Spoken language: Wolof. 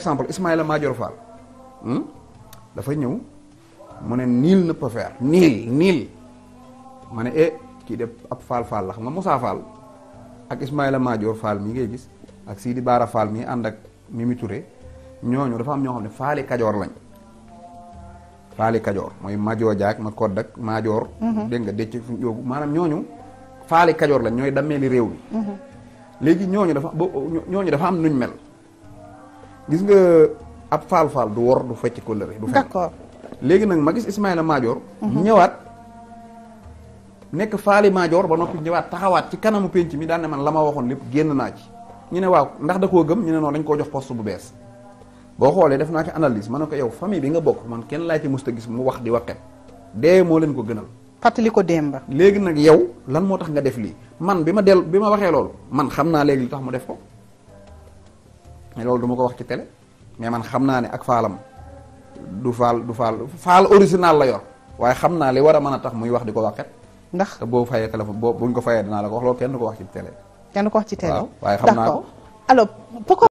exemple Ismaïla Madior Fall hmm, dafa ñëw mu ne niil ne peut faire niil niil ma ne eh kii de ab Fall Fall la xam nga Moussa Fall ak Ismaïla Madior Fall mi ngay gis ak Sidi Bara Fall mi ànd ak Mimi Touré ñooñu dafa am ñoo kajoor lañ faali mooy Madior Diak ma kodd ak Madior mhm. dégg nga décc fu mhm. ñooñu dafa am nuñ mel gis nga ab faal-faal du wor du fecc kóllëre du fenn d'accord léegi nag ma gis Ismaïla Madior mhm. ñëwaat nekk faali Madior ba noppi ñëwaat taxawaat ci kanamu pénc mi daan ne man la ma waxoon lépp génn naa ci ñu ne waaw ndax da koo gëm ñu ne noonu dañ koo jox poste bu bees boo xoolee def naa ci analyse man ne ko yow famille bi nga bokk man kenn laa ci musta gis mu wax di waxet dee moo leen ko gënal fàttali ko démba léegi nag yow lan moo tax nga def lii man bi ma del bi ma waxee loolu man xam naa léegi li tax mu def loolu duma ko wax ci télé mais man xam naa ne ak faalam du faal du faal faal original la yor waaye xam naa li war a mën a tax muy wax di ko waxet ndax te boo fayee téléphone boo buñ ko fayee dinaa la ko wax loolu kenn du ko wax ci télé. kenn du ko wax ci télé waaw waaye xam naa ko alors pourquoi